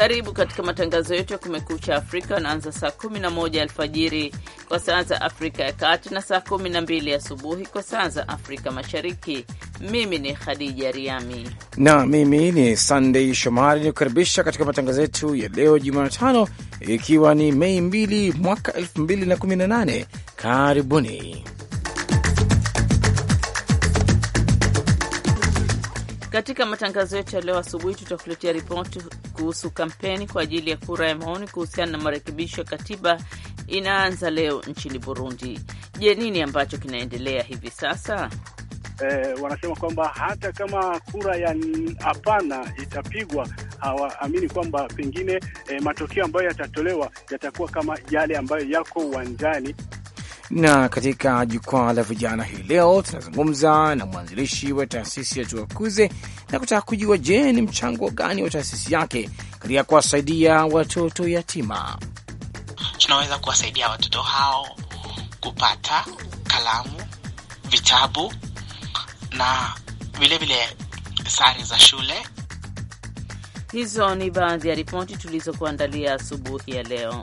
Karibu katika matangazo yetu ya Kumekucha Afrika wanaanza saa 11 alfajiri kwa saa za Afrika ya Kati na saa 12 asubuhi kwa saa za Afrika Mashariki. Mimi ni Khadija Riami na mimi ni Sandei Shomari, nikukaribisha katika matangazo yetu ya leo Jumatano, ikiwa ni Mei 2 mwaka 2018. Karibuni. Katika matangazo yetu ya leo asubuhi, tutakuletea ripoti kuhusu kampeni kwa ajili ya kura ya maoni kuhusiana na marekebisho ya katiba inaanza leo nchini Burundi. Je, nini ambacho kinaendelea hivi sasa? Eh, wanasema kwamba hata kama kura ya hapana itapigwa hawaamini kwamba pengine eh, matokeo ambayo yatatolewa yatakuwa kama yale ambayo yako uwanjani. Na katika jukwaa la vijana hii leo tunazungumza na mwanzilishi wa taasisi ya Tuwakuze na kutaka kujua, je, ni mchango gani wa taasisi yake katika kuwasaidia watoto yatima? Tunaweza kuwasaidia watoto hao kupata kalamu, vitabu na vilevile sare za shule. Hizo ni baadhi ya ripoti tulizokuandalia asubuhi ya leo.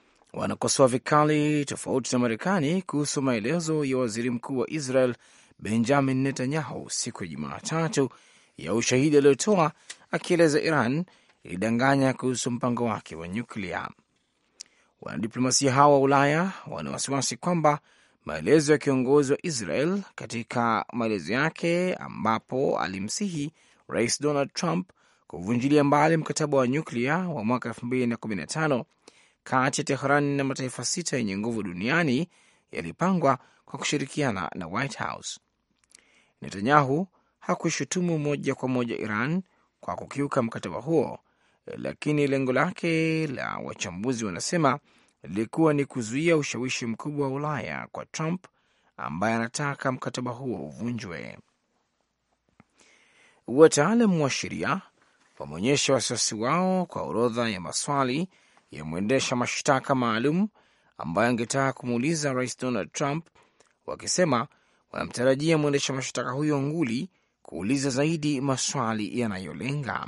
wanakosoa vikali tofauti na Marekani kuhusu maelezo ya waziri mkuu wa Israel Benjamin Netanyahu siku ya Jumatatu ya ushahidi aliyotoa akieleza Iran ilidanganya kuhusu mpango wake wa nyuklia. Wanadiplomasia hao wa Ulaya wana wasiwasi kwamba maelezo ya kiongozi wa Israel katika maelezo yake ambapo alimsihi Rais Donald Trump kuvunjilia mbali mkataba wa nyuklia wa mwaka 2015 kati ya Tehran na mataifa sita yenye nguvu duniani yalipangwa kwa kushirikiana na White House. Netanyahu hakushutumu moja kwa moja Iran kwa kukiuka mkataba huo, lakini lengo lake la wachambuzi wanasema lilikuwa ni kuzuia ushawishi mkubwa wa Ulaya kwa Trump ambaye anataka mkataba huo uvunjwe. wataalam wa sheria wameonyesha wasiwasi wao kwa orodha ya maswali ya mwendesha mashtaka maalum ambayo angetaka kumuuliza rais Donald Trump, wakisema wanamtarajia mwendesha mashtaka huyo nguli kuuliza zaidi maswali yanayolenga.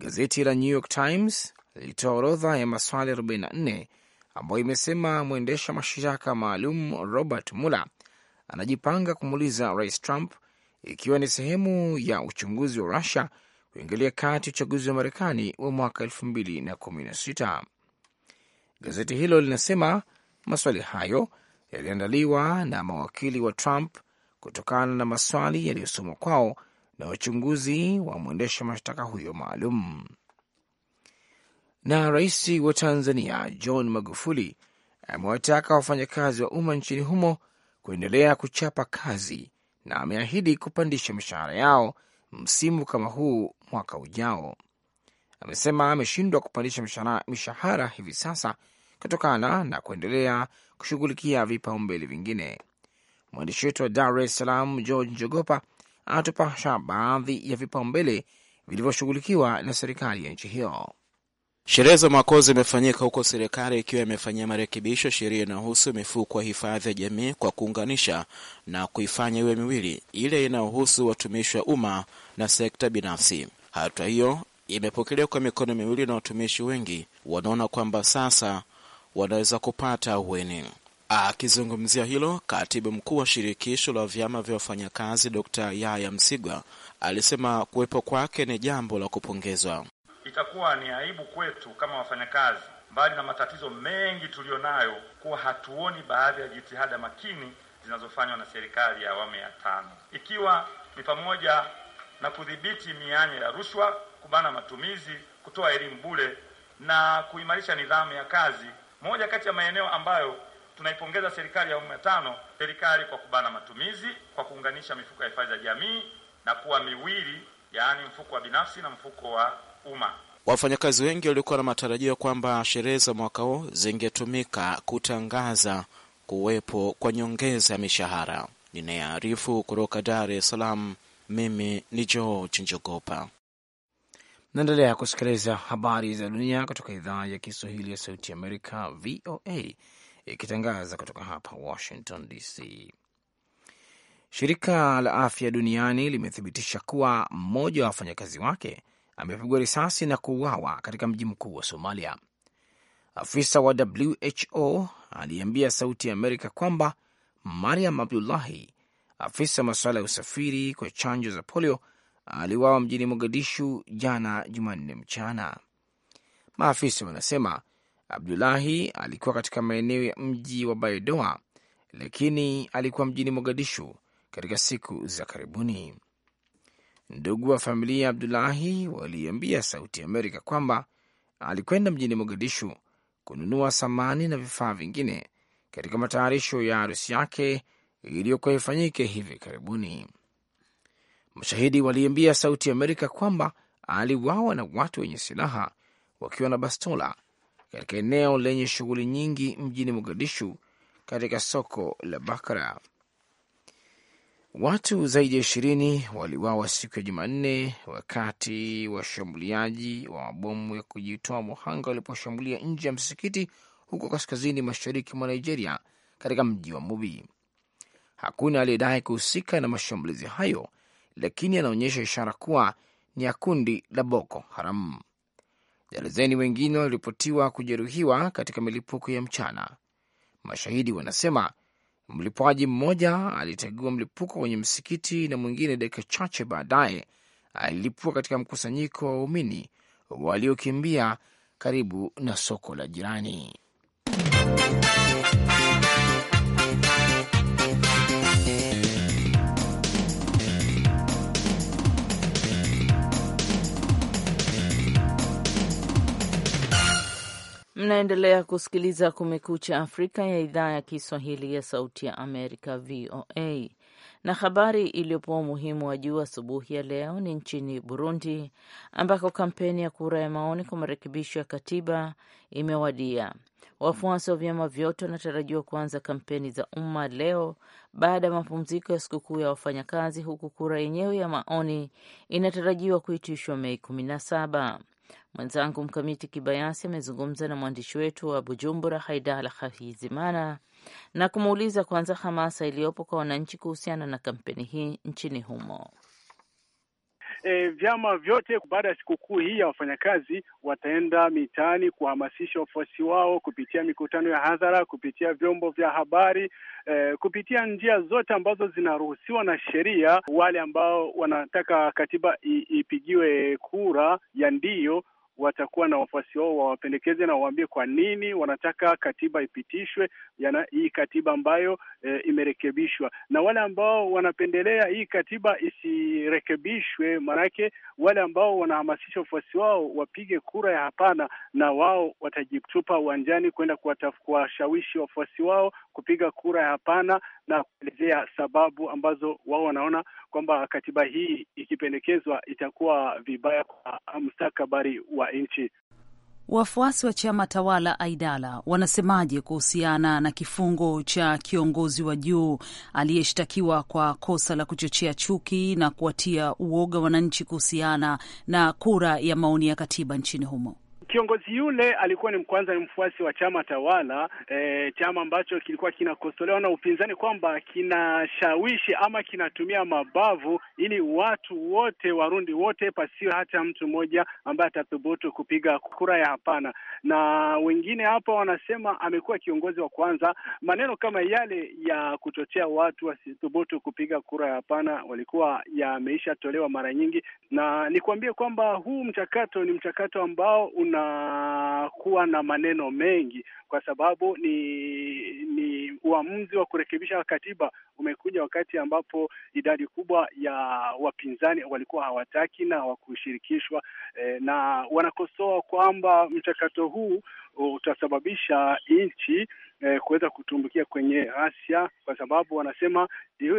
Gazeti la New York Times lilitoa orodha ya maswali 44 ambayo imesema mwendesha mashtaka maalum Robert Mueller anajipanga kumuuliza rais Trump, ikiwa ni sehemu ya uchunguzi wa Rusia kuingilia kati uchaguzi wa Marekani wa mwaka 216 Gazeti hilo linasema maswali hayo yaliandaliwa na mawakili wa Trump kutokana na maswali yaliyosomwa kwao na wachunguzi wa mwendesha mashtaka huyo maalum. Na rais wa Tanzania John Magufuli amewataka wafanyakazi wa umma nchini humo kuendelea kuchapa kazi na ameahidi kupandisha mishahara yao msimu kama huu mwaka ujao. Amesema ameshindwa kupandisha mishahara hivi sasa kutokana na kuendelea kushughulikia vipaumbele vingine. Mwandishi wetu wa Dar es Salaam George Njogopa anatupasha baadhi ya vipaumbele vilivyoshughulikiwa na serikali ya nchi hiyo. Sherehe za mwaka zimefanyika huko, serikali ikiwa imefanyia marekebisho sheria inayohusu mifuko ya hifadhi ya jamii kwa kuunganisha na kuifanya iwe miwili, ile inayohusu watumishi wa umma na sekta binafsi. Hatua hiyo imepokelewa kwa mikono miwili na watumishi wengi wanaona kwamba sasa wanaweza kupata ahueni. Akizungumzia hilo, katibu mkuu wa shirikisho la vyama vya wafanyakazi d Yaya Msigwa alisema kuwepo kwake ni jambo la kupongezwa. Itakuwa ni aibu kwetu kama wafanyakazi, mbali na matatizo mengi tuliyo nayo kuwa hatuoni baadhi ya jitihada makini zinazofanywa na serikali ya awamu ya tano, ikiwa ni pamoja na kudhibiti mianya ya rushwa, kubana matumizi, kutoa elimu bure na kuimarisha nidhamu ya kazi. Moja kati ya maeneo ambayo tunaipongeza serikali ya awamu ya tano, serikali kwa kubana matumizi kwa kuunganisha mifuko ya hifadhi ya jamii na kuwa miwili, yaani mfuko wa binafsi na mfuko wa umma. Wafanyakazi wengi walikuwa na matarajio kwamba sherehe za mwaka huu zingetumika kutangaza kuwepo kwa nyongeza ya mishahara. Ninayearifu kutoka Dar es Salaam mimi ni George Njogopa. Naendelea kusikiliza habari za dunia kutoka idhaa ya Kiswahili ya Sauti Amerika, VOA, ikitangaza kutoka hapa Washington DC. Shirika la Afya Duniani limethibitisha kuwa mmoja wa wafanyakazi wake amepigwa risasi na kuuawa katika mji mkuu wa Somalia. Afisa wa WHO aliambia Sauti ya Amerika kwamba Mariam Abdullahi afisa masuala ya usafiri kwa chanjo za polio aliwawa mjini Mogadishu jana Jumanne mchana. Maafisa wanasema Abdulahi alikuwa katika maeneo ya mji wa Baidoa, lakini alikuwa mjini Mogadishu katika siku za karibuni. Ndugu wa familia ya Abdulahi waliambia Sauti Amerika kwamba alikwenda mjini Mogadishu kununua samani na vifaa vingine katika matayarisho ya harusi yake iliyokuwa ifanyike hivi karibuni. Mashahidi waliambia Sauti Amerika kwamba aliwawa na watu wenye silaha wakiwa na bastola katika eneo lenye shughuli nyingi mjini Mogadishu, katika soko la Bakara. Watu zaidi ya ishirini waliwawa siku ya Jumanne wakati washambuliaji wa mabomu ya kujitoa muhanga waliposhambulia nje ya msikiti huko kaskazini mashariki mwa Nigeria, katika mji wa Mubi. Hakuna aliyedai kuhusika na mashambulizi hayo, lakini anaonyesha ishara kuwa ni ya kundi la Boko Haram. Darazeni wengine waliripotiwa kujeruhiwa katika milipuko ya mchana. Mashahidi wanasema mlipuaji mmoja alitegua mlipuko kwenye msikiti na mwingine dakika chache baadaye alilipua katika mkusanyiko wa waumini waliokimbia karibu na soko la jirani. Mnaendelea kusikiliza Kumekucha Afrika ya idhaa ya Kiswahili ya Sauti ya Amerika, VOA. Na habari iliyopewa umuhimu wa juu asubuhi ya leo ni nchini Burundi, ambako kampeni ya kura ya maoni kwa marekebisho ya katiba imewadia. Wafuasi wa vyama vyote wanatarajiwa kuanza kampeni za umma leo baada ya mapumziko ya sikukuu ya wafanyakazi, huku kura yenyewe ya maoni inatarajiwa kuitishwa Mei kumi na saba. Mwenzangu Mkamiti Kibayasi amezungumza na mwandishi wetu wa Bujumbura, Haidala Hahizimana, na kumuuliza kwanza hamasa iliyopo kwa wananchi kuhusiana na kampeni hii nchini humo e, vyama vyote baada ya sikukuu hii ya wafanyakazi wataenda mitaani kuhamasisha wafuasi wao kupitia mikutano ya hadhara, kupitia vyombo vya habari e, kupitia njia zote ambazo zinaruhusiwa na sheria. Wale ambao wanataka katiba ipigiwe kura ya ndio watakuwa na wafuasi wao wawapendekeze na waambie kwa nini wanataka katiba ipitishwe yana, hii katiba ambayo e, imerekebishwa. Na wale ambao wanapendelea hii katiba isirekebishwe, maanake wale ambao wanahamasisha wafuasi wao wapige kura ya hapana, na wao watajitupa uwanjani kwenda kuwashawishi wafuasi wao kupiga kura ya hapana na kuelezea sababu ambazo wao wanaona kwamba katiba hii ikipendekezwa itakuwa vibaya kwa mustakabali wa wa nchi. Wafuasi wa chama tawala Aidala wanasemaje kuhusiana na kifungo cha kiongozi wa juu aliyeshtakiwa kwa kosa la kuchochea chuki na kuwatia uoga wananchi kuhusiana na kura ya maoni ya katiba nchini humo? kiongozi yule alikuwa ni kwanza ni mfuasi wa chama tawala e, chama ambacho kilikuwa kinakosolewa na upinzani kwamba kinashawishi ama kinatumia mabavu ili watu wote Warundi wote pasio hata mtu mmoja ambaye atathubutu kupiga kura ya hapana. Na wengine hapa wanasema amekuwa kiongozi wa kwanza. Maneno kama yale ya kuchochea watu wasithubutu kupiga kura ya hapana walikuwa yameisha tolewa mara nyingi, na nikuambie kwamba huu mchakato ni mchakato ambao una kuwa na maneno mengi, kwa sababu ni ni uamuzi wa kurekebisha katiba umekuja wakati ambapo idadi kubwa ya wapinzani walikuwa hawataki na wakushirikishwa eh, na wanakosoa kwamba mchakato huu utasababisha nchi eh, kuweza kutumbukia kwenye ghasia, kwa sababu wanasema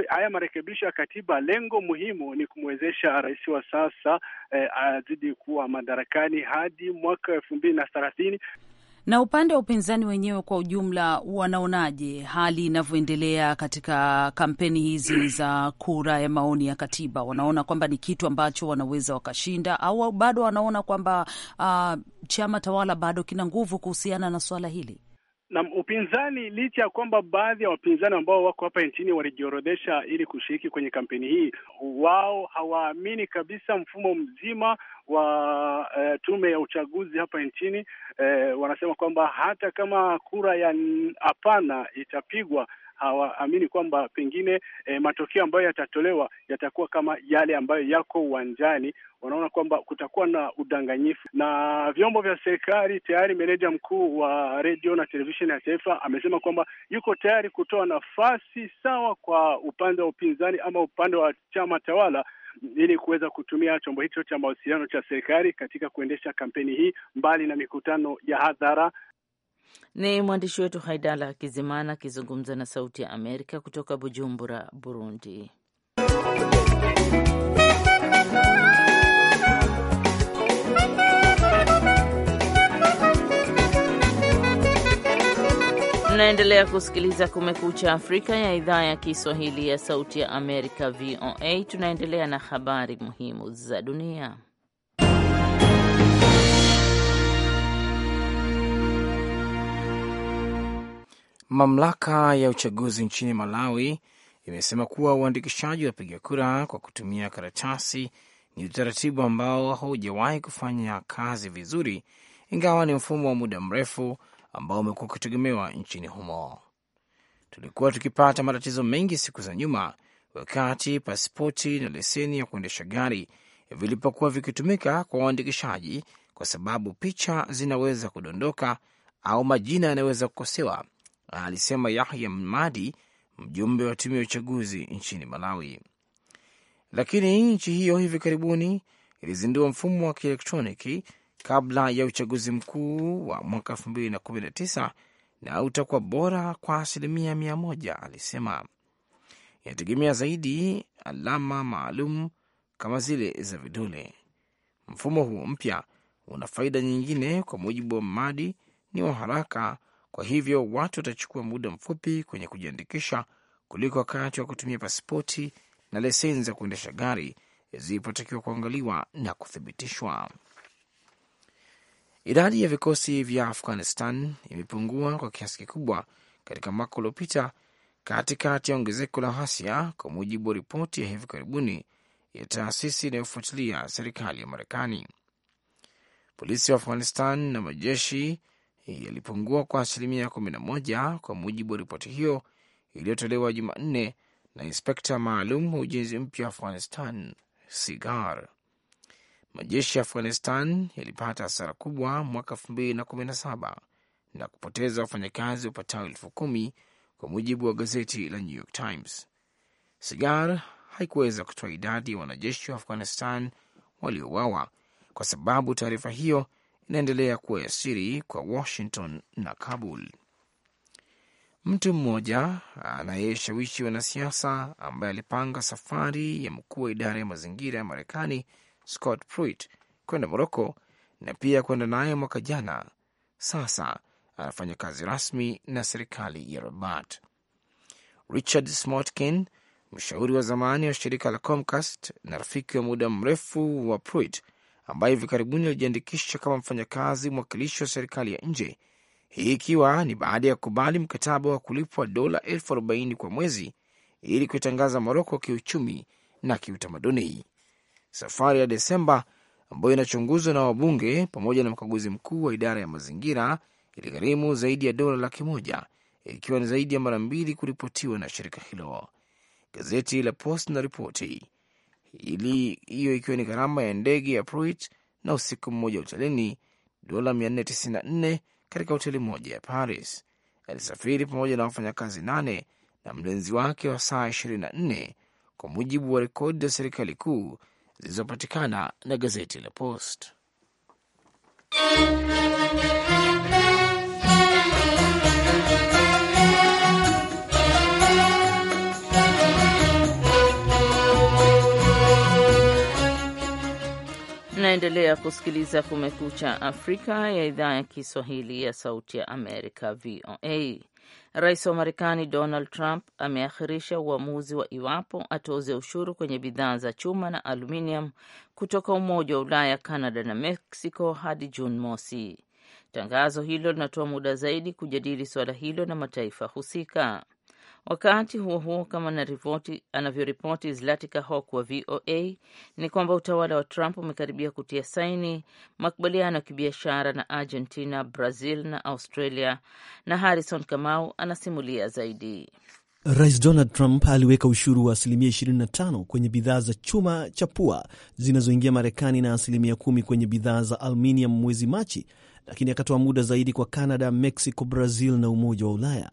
haya marekebisho ya katiba, lengo muhimu ni kumwezesha rais wa sasa eh, azidi kuwa madarakani hadi mwaka elfu mbili na thelathini. Na upande wa upinzani wenyewe kwa ujumla, wanaonaje hali inavyoendelea katika kampeni hizi za kura ya maoni ya katiba? Wanaona kwamba ni kitu ambacho wanaweza wakashinda, au bado wanaona kwamba uh, chama tawala bado kina nguvu kuhusiana na suala hili? Na upinzani, licha ya kwamba baadhi ya wapinzani ambao wako hapa nchini walijiorodhesha ili kushiriki kwenye kampeni hii, wao hawaamini kabisa mfumo mzima wa e, tume ya uchaguzi hapa nchini. E, wanasema kwamba hata kama kura ya hapana itapigwa hawaamini kwamba pengine e, matokeo ambayo yatatolewa yatakuwa kama yale ambayo yako uwanjani. Wanaona kwamba kutakuwa na udanganyifu na vyombo vya serikali. Tayari meneja mkuu wa redio na televisheni ya taifa amesema kwamba yuko tayari kutoa nafasi sawa kwa upande wa upinzani ama upande wa chama tawala ili kuweza kutumia chombo hicho cha mawasiliano cha serikali katika kuendesha kampeni hii, mbali na mikutano ya hadhara ni mwandishi wetu Haidala Kizimana akizungumza na Sauti ya Amerika kutoka Bujumbura, Burundi. Mnaendelea kusikiliza Kumekucha Afrika ya idhaa ya Kiswahili ya Sauti ya Amerika, VOA. Tunaendelea na habari muhimu za dunia. Mamlaka ya uchaguzi nchini Malawi imesema kuwa uandikishaji wa wapiga kura kwa kutumia karatasi ni utaratibu ambao haujawahi kufanya kazi vizuri, ingawa ni mfumo wa muda mrefu ambao umekuwa ukitegemewa nchini humo. Tulikuwa tukipata matatizo mengi siku za nyuma, wakati pasipoti na leseni ya kuendesha gari vilipokuwa vikitumika kwa uandikishaji, kwa sababu picha zinaweza kudondoka au majina yanaweza kukosewa alisema Yahya mmadi mjumbe wa tume ya uchaguzi nchini Malawi. Lakini nchi hiyo hivi karibuni ilizindua mfumo wa kielektroniki kabla ya uchaguzi mkuu wa mwaka tisa na utakuwa bora kwa asilimia mia moja, alisema. Inategemea zaidi alama maalum kama zile za vidole. Mfumo huo mpya una faida nyingine, kwa mujibu wa Mmadi, ni wa haraka kwa hivyo watu watachukua muda mfupi kwenye kujiandikisha kuliko wakati wa kutumia pasipoti na leseni za kuendesha gari zilipotakiwa kuangaliwa na kuthibitishwa. Idadi ya vikosi vya Afghanistan imepungua kwa kiasi kikubwa katika mwaka uliopita katikati ya ongezeko la ghasia, kwa mujibu wa ripoti ya hivi karibuni ya taasisi inayofuatilia serikali ya Marekani. Polisi wa Afghanistan na majeshi yalipungua kwa asilimia 11 kwa mujibu wa ripoti hiyo iliyotolewa Jumanne na inspekta maalum wa ujenzi mpya wa Afghanistan Sigar. Majeshi ya Afghanistan yalipata hasara kubwa mwaka 2017 na kupoteza wafanyakazi wapatao elfu kumi kwa mujibu wa gazeti la New York Times. Sigar haikuweza kutoa idadi ya wanajeshi wa Afghanistan waliouawa kwa sababu taarifa hiyo inaendelea kuwa ya siri kwa Washington na Kabul. Mtu mmoja anayeshawishi wanasiasa ambaye alipanga safari ya mkuu wa idara ya mazingira ya Marekani Scott Pruitt kwenda Moroko na pia kwenda naye mwaka jana, sasa anafanya kazi rasmi na serikali ya Rabat. Richard Smotkin, mshauri wa zamani wa shirika la Comcast na rafiki wa muda mrefu wa Pruitt, ambaye hivi karibuni alijiandikisha kama mfanyakazi mwakilishi wa serikali ya nje, hii ikiwa ni baada ya kukubali mkataba wa kulipwa dola elfu arobaini kwa mwezi ili kuitangaza Moroko kiuchumi na kiutamaduni. Safari ya Desemba ambayo inachunguzwa na wabunge pamoja na mkaguzi mkuu wa idara ya mazingira iligharimu zaidi ya dola laki moja ikiwa ni zaidi ya mara mbili kuripotiwa na shirika hilo. Gazeti la Post na ripoti hiyo ikiwa ni gharama ya ndege ya Pruit na usiku mmoja hotelini dola 494 katika hoteli moja ya Paris. Alisafiri pamoja na wafanyakazi nane na mlinzi wake wa saa 24 kwa mujibu wa rekodi za serikali kuu zilizopatikana na gazeti la Post. Unaendelea kusikiliza Kumekucha Afrika ya idhaa ya Kiswahili ya Sauti ya Amerika, VOA. Rais wa Marekani Donald Trump ameakhirisha uamuzi wa iwapo atoze ushuru kwenye bidhaa za chuma na aluminium kutoka Umoja wa Ulaya, Canada na Mexico hadi Juni mosi. Tangazo hilo linatoa muda zaidi kujadili suala hilo na mataifa husika. Wakati huo huo, kama anavyoripoti Zlatika Hawk wa VOA, ni kwamba utawala wa Trump umekaribia kutia saini makubaliano ya kibiashara na Argentina, Brazil na Australia, na Harrison Kamau anasimulia zaidi. Rais Donald Trump aliweka ushuru wa asilimia 25 kwenye bidhaa za chuma cha pua zinazoingia Marekani na asilimia kumi kwenye bidhaa za aluminium mwezi Machi, lakini akatoa muda zaidi kwa Canada, Mexico, Brazil na Umoja wa Ulaya.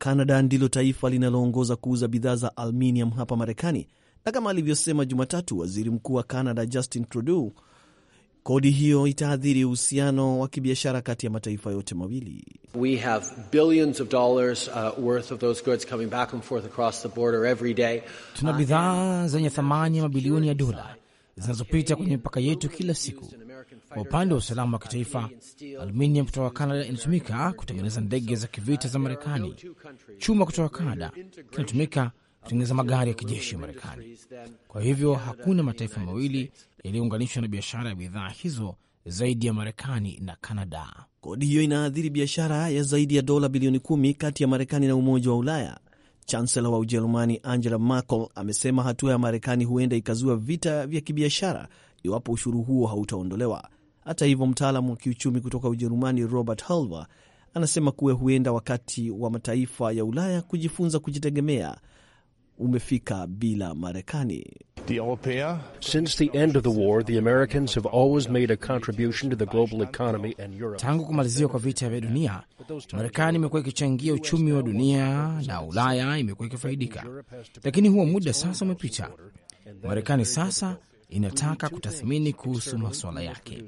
Canada ndilo taifa linaloongoza kuuza bidhaa za aluminium hapa Marekani, na kama alivyosema Jumatatu waziri mkuu wa Canada Justin Trudeau, kodi hiyo itaathiri uhusiano wa kibiashara kati ya mataifa yote mawili. Tuna bidhaa zenye thamani ya mabilioni ya dola zinazopita kwenye mipaka yetu kila siku kwa upande wa usalama wa kitaifa, aluminium kutoka canada inatumika kutengeneza ndege za kivita za Marekani. Chuma kutoka canada kinatumika kutengeneza magari ya kijeshi ya Marekani. Kwa hivyo hakuna mataifa mawili yaliyounganishwa na biashara ya bidhaa hizo zaidi ya Marekani na canada Kodi hiyo inaadhiri biashara ya zaidi ya dola bilioni kumi kati ya Marekani na Umoja wa Ulaya. Chansela wa Ujerumani Angela Merkel amesema hatua ya Marekani huenda ikazua vita vya kibiashara iwapo ushuru huo hautaondolewa. Hata hivyo, mtaalamu wa kiuchumi kutoka Ujerumani Robert Halver anasema kuwa huenda wakati wa mataifa ya Ulaya kujifunza kujitegemea umefika bila Marekani. Tangu kumaliziwa kwa vita vya dunia, Marekani imekuwa ikichangia uchumi wa dunia na Ulaya imekuwa ikifaidika, lakini huo muda sasa umepita. Marekani sasa inataka kutathmini kuhusu masuala yake.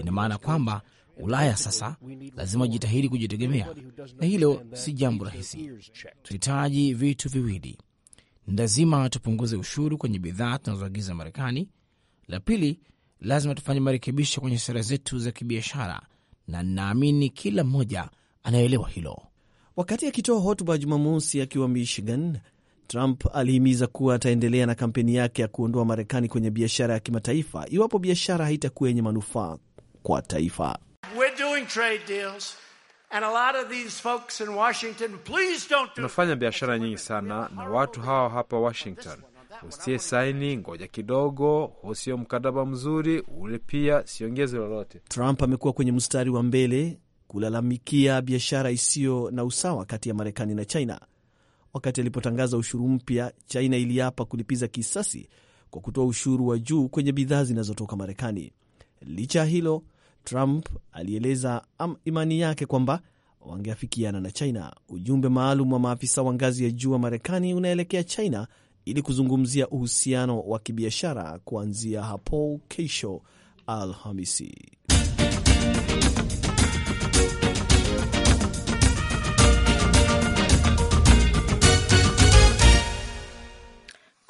Ina maana kwamba Ulaya sasa lazima jitahidi kujitegemea, na hilo si jambo rahisi. Tunahitaji vitu viwili: ni lazima tupunguze ushuru kwenye bidhaa tunazoagiza Marekani. La pili, lazima tufanye marekebisho kwenye sera zetu za kibiashara, na ninaamini kila mmoja anaelewa hilo. Wakati akitoa hotuba Jumamosi akiwa Michigan, Trump alihimiza kuwa ataendelea na kampeni yake ya kuondoa Marekani kwenye biashara ya kimataifa iwapo biashara haitakuwa yenye manufaa kwa taifa. Tunafanya biashara nyingi sana na watu hawa hapa Washington. usie saini, ngoja kidogo, usio mkataba mzuri ule, pia siongeze lolote. Trump amekuwa kwenye mstari wa mbele kulalamikia biashara isiyo na usawa kati ya Marekani na China wakati alipotangaza ushuru mpya, China iliapa kulipiza kisasi kwa kutoa ushuru wa juu kwenye bidhaa zinazotoka Marekani. Licha ya hilo, Trump alieleza imani yake kwamba wangeafikiana na China. Ujumbe maalum wa maafisa wa ngazi ya juu wa Marekani unaelekea China ili kuzungumzia uhusiano wa kibiashara kuanzia hapo kesho Alhamisi.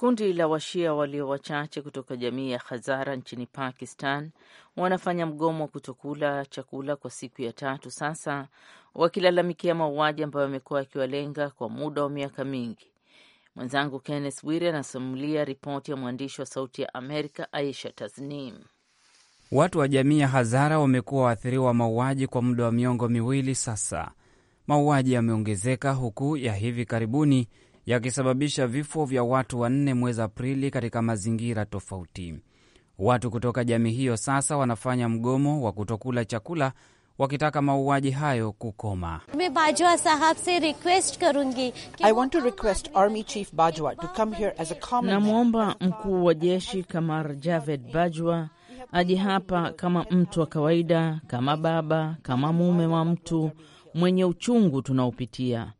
Kundi la Washia walio wachache kutoka jamii ya Hazara nchini Pakistan wanafanya mgomo wa kutokula chakula kwa siku ya tatu sasa, wakilalamikia mauaji ambayo yamekuwa yakiwalenga kwa muda wa miaka mingi. Mwenzangu Kenneth Wire anasimulia ripoti ya mwandishi wa Sauti ya Amerika Aisha Tasnim. Watu wa jamii ya Hazara wamekuwa waathiriwa wa mauaji kwa muda wa miongo miwili sasa. Mauaji yameongezeka huku ya hivi karibuni yakisababisha vifo vya watu wanne mwezi Aprili katika mazingira tofauti. Watu kutoka jamii hiyo sasa wanafanya mgomo wa kutokula chakula wakitaka mauaji hayo kukoma. Namwomba mkuu wa jeshi Kamar Javed Bajwa aje hapa kama mtu wa kawaida, kama baba, kama mume wa mtu mwenye uchungu tunaopitia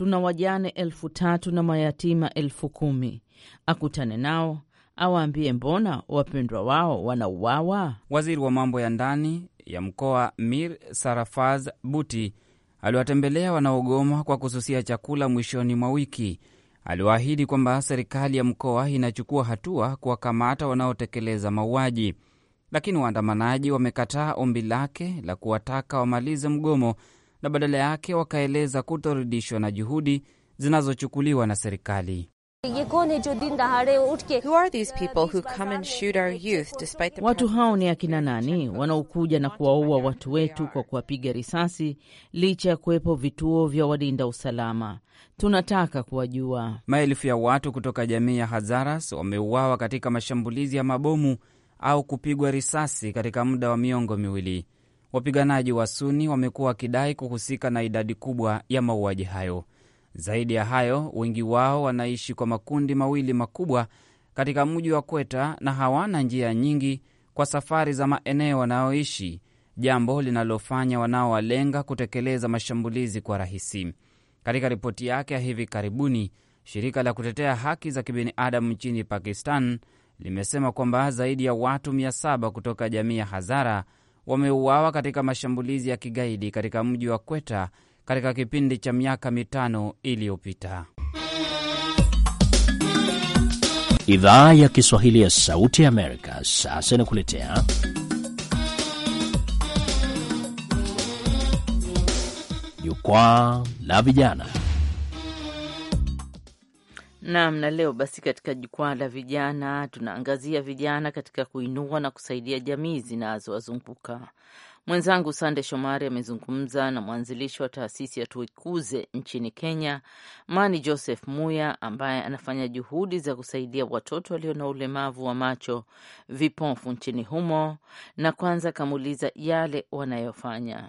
tuna wajane elfu tatu na mayatima elfu kumi. Akutane nao awaambie mbona wapendwa wao wanauawa. Waziri wa mambo ya ndani ya mkoa Mir Sarafaz Buti aliwatembelea wanaogoma kwa kususia chakula mwishoni mwa wiki. Aliwaahidi kwamba serikali ya mkoa inachukua hatua kuwakamata wanaotekeleza mauaji, lakini waandamanaji wamekataa ombi lake la kuwataka wamalize mgomo na badala yake wakaeleza kutoridhishwa na juhudi zinazochukuliwa na serikali. Watu hao ni akina nani wanaokuja na kuwaua watu wetu kwa kuwapiga risasi licha ya kuwepo vituo vya walinda usalama? Tunataka kuwajua. Maelfu ya watu kutoka jamii ya Hazaras wameuawa katika mashambulizi ya mabomu au kupigwa risasi katika muda wa miongo miwili. Wapiganaji wa Suni wamekuwa wakidai kuhusika na idadi kubwa ya mauaji hayo. Zaidi ya hayo, wengi wao wanaishi kwa makundi mawili makubwa katika mji wa Kweta na hawana njia nyingi kwa safari za maeneo wanayoishi, jambo linalofanya wanaowalenga kutekeleza mashambulizi kwa rahisi. Katika ripoti yake ya hivi karibuni, shirika la kutetea haki za kibinadamu nchini Pakistan limesema kwamba zaidi ya watu 700 kutoka jamii ya Hazara wameuawa katika mashambulizi ya kigaidi katika mji wa Kweta katika kipindi cha miaka mitano iliyopita. Idhaa ya Kiswahili ya Sauti ya Amerika sasa inakuletea jukwaa la vijana. Naam, na leo basi katika jukwaa la vijana tunaangazia vijana katika kuinua na kusaidia jamii zinazowazunguka. Mwenzangu Sande Shomari amezungumza na mwanzilishi wa taasisi ya Tuikuze nchini Kenya, Mani Joseph Muya, ambaye anafanya juhudi za kusaidia watoto walio na ulemavu wa macho vipofu nchini humo, na kwanza akamuuliza yale wanayofanya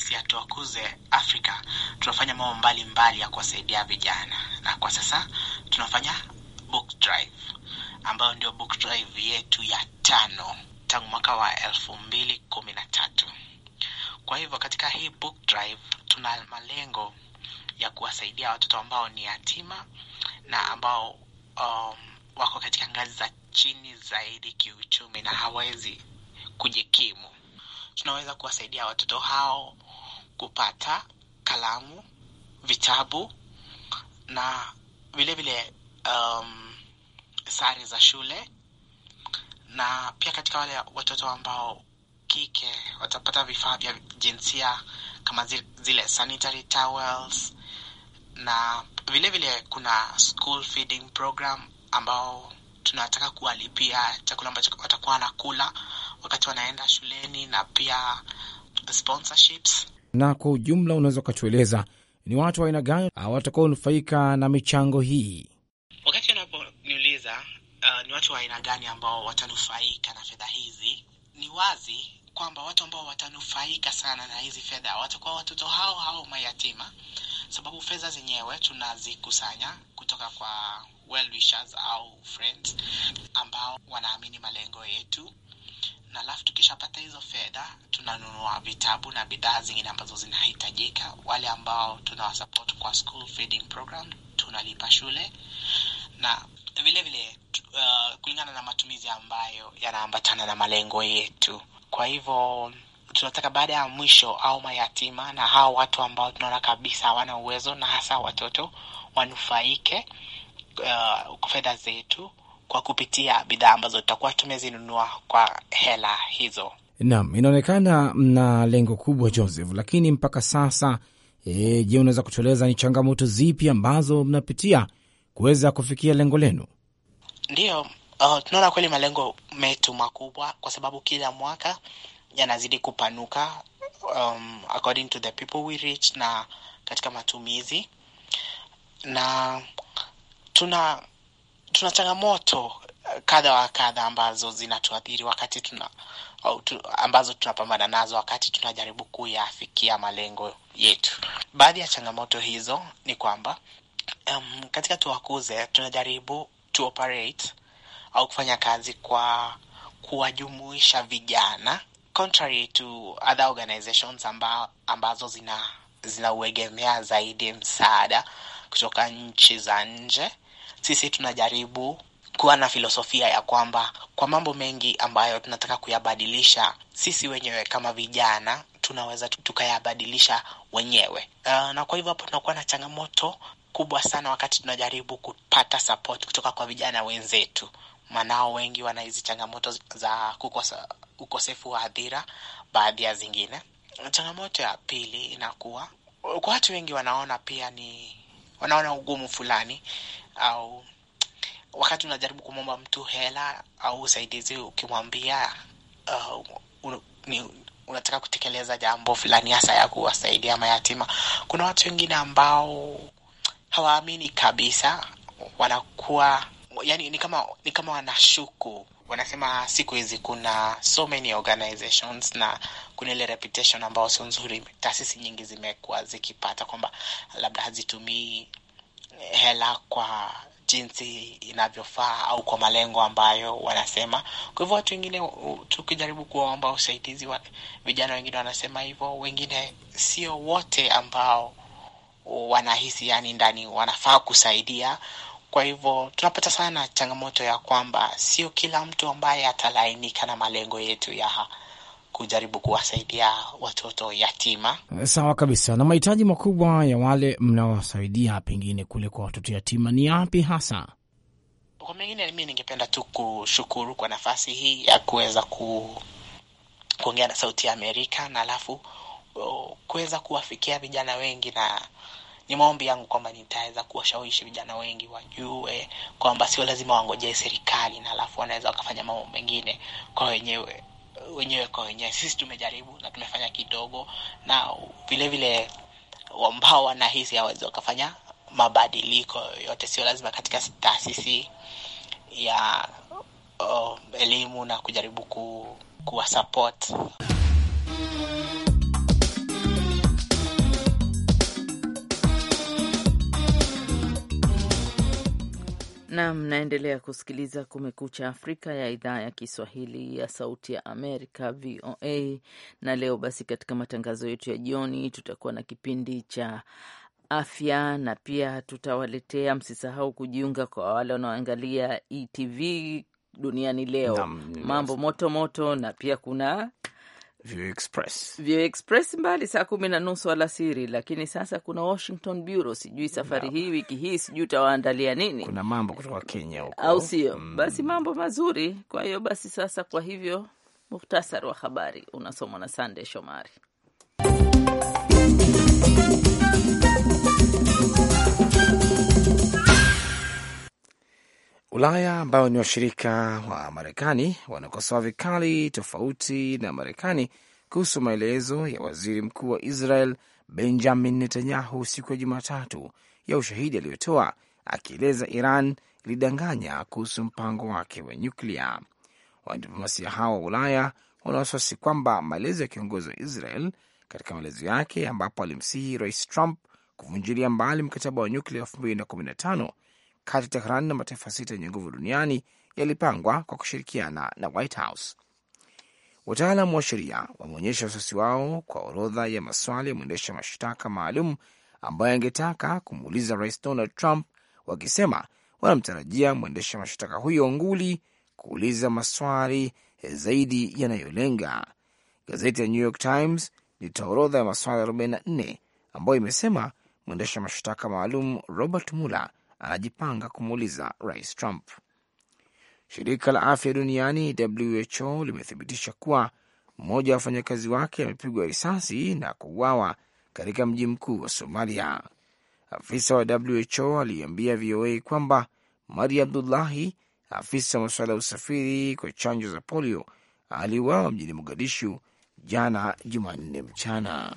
sisi ya Afrika tunafanya mambo mbalimbali ya kuwasaidia vijana, na kwa sasa tunafanya book drive ambayo ndio book drive yetu ya tano tangu mwaka wa elfu mbili kumi na tatu. Kwa hivyo katika hii book drive tuna malengo ya kuwasaidia watoto ambao ni yatima na ambao um, wako katika ngazi za chini zaidi kiuchumi na hawawezi kujikimu. Tunaweza kuwasaidia watoto hao kupata kalamu, vitabu na vilevile um, sare za shule, na pia katika wale watoto ambao kike watapata vifaa vya jinsia kama zile sanitary towels, na vilevile vile kuna school feeding program ambao tunataka kuwalipia chakula ambacho watakuwa wanakula wakati wanaenda shuleni na pia sponsorships na kwa ujumla unaweza ukatueleza ni watu wa aina gani watakaonufaika na michango hii? Wakati anaponiuliza uh, ni watu wa aina gani ambao watanufaika na fedha hizi, ni wazi kwamba watu ambao watanufaika sana na hizi fedha watakuwa watoto hao hao mayatima, sababu fedha zenyewe tunazikusanya kutoka kwa well wishers au friends ambao wanaamini malengo yetu alafu tukishapata hizo fedha tunanunua vitabu na bidhaa zingine ambazo zinahitajika. Wale ambao tunawasupport kwa school feeding program tunalipa shule na vilevile vile, uh, kulingana na matumizi ambayo yanaambatana na malengo yetu. Kwa hivyo tunataka baada ya mwisho au mayatima na hao watu ambao tunaona kabisa hawana uwezo na hasa watoto wanufaike uh, kwa fedha zetu kwa kupitia bidhaa ambazo tutakuwa tumezinunua kwa hela hizo. Naam, inaonekana mna lengo kubwa Joseph, lakini mpaka sasa e, je, unaweza kutueleza ni changamoto zipi ambazo mnapitia kuweza kufikia lengo lenu? Ndiyo, uh, tunaona kweli malengo metu makubwa kwa sababu kila mwaka yanazidi kupanuka um, according to the people we reach na katika matumizi na tuna tuna changamoto eh, kadha wa kadha ambazo zinatuathiri wakati tuna tu, ambazo tunapambana nazo wakati tunajaribu kuyafikia malengo yetu. Baadhi ya changamoto hizo ni kwamba um, katika tuwakuze tunajaribu tu operate au kufanya kazi kwa kuwajumuisha vijana contrary to other organizations amba, ambazo zina zinauegemea zaidi msaada kutoka nchi za nje sisi tunajaribu kuwa na filosofia ya kwamba kwa mambo mengi ambayo tunataka kuyabadilisha sisi wenyewe kama vijana tunaweza tukayabadilisha wenyewe. Uh, na kwa hivyo hapo tunakuwa na changamoto kubwa sana wakati tunajaribu kupata support kutoka kwa vijana wenzetu, manao wengi wana hizi changamoto za kukosa ukosefu wa adhira baadhi ya zingine. Changamoto ya pili inakuwa kwa watu wengi wanaona pia ni wanaona ugumu fulani au wakati unajaribu kumwomba mtu hela au usaidizi ukimwambia uh, un, unataka kutekeleza jambo fulani hasa ya kuwasaidia mayatima. Kuna watu wengine ambao hawaamini kabisa, wanakuwa yani, ni kama ni kama wanashuku, wanasema siku hizi kuna so many organizations na kuna ile reputation ambayo sio nzuri taasisi nyingi zimekuwa zikipata kwamba labda hazitumii eh, hela kwa jinsi inavyofaa au kwa malengo ambayo wanasema. Kwa hivyo watu wengine, tukijaribu kuwaomba usaidizi wa vijana, wengine wanasema hivyo, wengine sio wote ambao wanahisi yani ndani wanafaa kusaidia. Kwa hivyo tunapata sana changamoto ya kwamba sio kila mtu ambaye atalainika na malengo yetu ya kujaribu kuwasaidia watoto yatima. Sawa kabisa. Na mahitaji makubwa ya wale mnaowasaidia pengine kule kwa watoto yatima ni yapi hasa? Kwa mengine, mi ningependa tu kushukuru kwa nafasi hii ya kuweza ku kuongea na Sauti ya Amerika na alafu kuweza kuwafikia vijana wengi, na ni maombi yangu kwamba nitaweza kuwashawishi vijana wengi wajue kwamba sio lazima wangojee serikali, na alafu wanaweza wakafanya mambo mengine kwa wenyewe wenyewe kwa wenyewe. Sisi tumejaribu na tumefanya kidogo, na vilevile ambao wanahisi hawawezi wakafanya mabadiliko yote, sio lazima katika taasisi ya oh, elimu na kujaribu ku, kuwa support na mnaendelea kusikiliza Kumekucha Afrika ya idhaa ya Kiswahili ya Sauti ya Amerika, VOA. Na leo basi, katika matangazo yetu ya jioni, tutakuwa na kipindi cha afya na pia tutawaletea, msisahau kujiunga kwa wale wanaoangalia ETV duniani leo, mambo moto moto, na pia kuna VOA Express. Express mbali saa kumi na nusu alasiri, lakini sasa kuna Washington Bureau. Sijui safari yeah, hii wiki hii sijui utawaandalia nini, kuna mambo kutoka Kenya huko, au sio? Mm, basi mambo mazuri. Kwa hiyo basi sasa, kwa hivyo muhtasari wa habari unasomwa na Sande Shomari. Ulaya ambao ni washirika wa Marekani wanakosoa vikali tofauti na Marekani kuhusu maelezo ya waziri mkuu wa Israel Benjamin Netanyahu siku ya Jumatatu ya ushahidi aliyotoa akieleza Iran ilidanganya kuhusu mpango wake wa nyuklia. wadiplomasia hao wa Ulaya wana wasiwasi kwamba maelezo ya kiongozi wa Israel katika maelezo yake ambapo alimsihi Rais Trump kuvunjilia mbali mkataba wa nyuklia 2015 kati ya Tehran na mataifa sita yenye nguvu duniani yalipangwa kwa kushirikiana na White House. Wataalam wa sheria wameonyesha wasiwasi wao kwa orodha ya maswali ya mwendesha mashtaka maalum ambayo angetaka kumuuliza Rais Donald Trump, wakisema wanamtarajia mwendesha mashtaka huyo nguli kuuliza maswali zaidi yanayolenga. Gazeti ya New York Times ilitoa orodha ya maswali 44 ambayo imesema mwendesha mashtaka maalum Robert Mueller anajipanga kumuuliza Rais Trump. Shirika la afya duniani WHO limethibitisha kuwa mmoja wa wafanyakazi wake amepigwa risasi na kuuawa katika mji mkuu wa Somalia. Afisa wa WHO aliambia VOA kwamba Mari Abdullahi, afisa wa masuala ya usafiri kwa chanjo za polio, aliuawa mjini Mogadishu jana Jumanne mchana.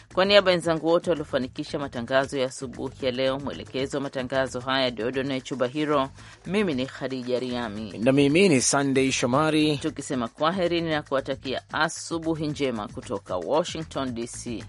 Kwa niaba ya wenzangu wote waliofanikisha matangazo ya asubuhi ya leo, mwelekezi wa matangazo haya Dodone Chuba Hiro, mimi ni Khadija Riami na mimi ni Sandey Shomari, tukisema kwaherini na kuwatakia asubuhi njema kutoka Washington DC.